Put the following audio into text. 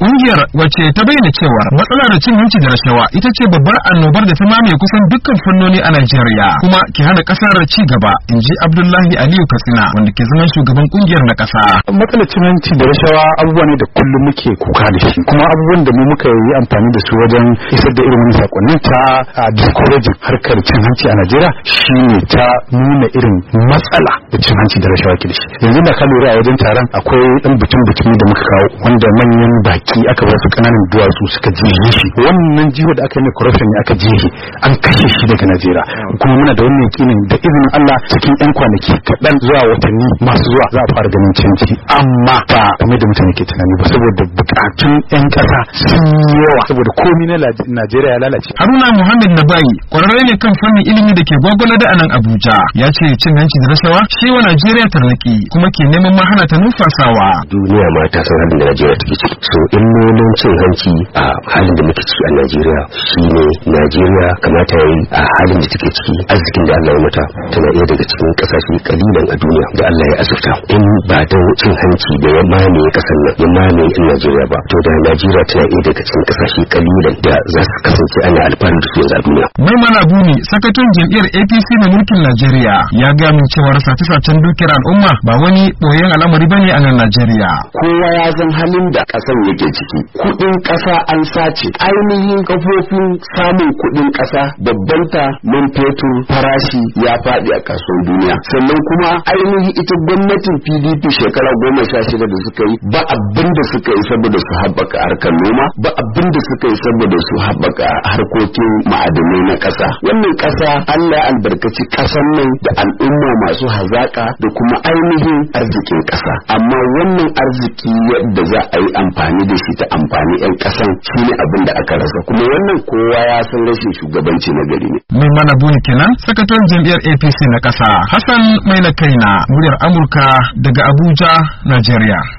Ƙungiyar wace ta bayyana cewa matsalar cin hanci da rashawa ita ce babbar annobar da ta mamaye kusan dukkan fannoni a Najeriya kuma ke hana ƙasar ci gaba in ji Abdullahi Aliyu Katsina wanda ke zaman shugaban ƙungiyar na ƙasa. Matsalar cin hanci da rashawa abubuwa ne da kullum muke kuka da shi kuma abubuwan da mu muka yi amfani da su wajen isar da irin wani sakonnin ta a discouraging harkar cin hanci a Najeriya shi ne ta nuna irin matsala da cin hanci da rashawa ke da shi. Yanzu na ka lura a wajen taron akwai ɗan bitin-bitini da muka kawo wanda manyan baki ciki aka ba su kananan duwatsu suka jehe shi wannan jiho da aka yi mai corruption ne aka jehe an kashe shi daga Najeriya kuma muna da wannan yakinin da izinin Allah cikin yan kwanaki kaɗan zuwa watanni masu zuwa za a fara ganin canji amma ba kamar da mutane ke tunani ba saboda bukatun yan kasa sun yawa saboda komai na Najeriya ya lalace Haruna Muhammad Nabai kwararre ne kan fannin ilimi da ke gwagwalada da anan Abuja ya ce cin hanci da rashawa shi wa Najeriya tarnaki kuma ke neman mahana ta numfasawa duniya ma ta san da Najeriya take ciki so kalmomin cin hanci a halin da muke ciki a najeriya shi ne najeriya kamata ya a halin da take ciki arzikin da allah ya mata tana iya daga cikin kasashe kalilan a duniya da allah ya azurta in ba da cin hanci da ya mame kasar nan ya mame in najeriya ba to da najeriya tana iya daga cikin kasashe kalilan da za su kasance ana alfahari da su yanzu duniya. mai mana buni sakataren jam'iyyar apc na mulkin najeriya ya gaya min cewar sace-sacen dukiyar al'umma ba wani ɓoyen al'amari ba ne a nan najeriya. kowa ya san halin da ƙasar yake ciki kudin ƙasa an sace ainihin kafofin samun kuɗin ƙasa babban ta man fetur farashi ya faɗi a kasuwar duniya sannan kuma ainihin ita gwamnatin pdp shekara goma sha shida da suka yi ba abin da suka yi saboda su haɓaka harkar noma ba abin da suka yi saboda su haɓaka harkokin ma'adanai na ƙasa wannan ƙasa allah albarkaci kasan nan da al'umma masu hazaƙa da kuma ainihin arzikin ƙasa amma wannan arziki yadda za a yi amfani da shi ta amfani 'yan kasan shi ne abin da aka rasa kuma wannan kowa ya san rashin shugabanci na gari ne. Mai mana buni kenan sakataren jam'iyyar APC na ƙasa Hassan Maina Kaina muryar Amurka daga Abuja, Najeriya.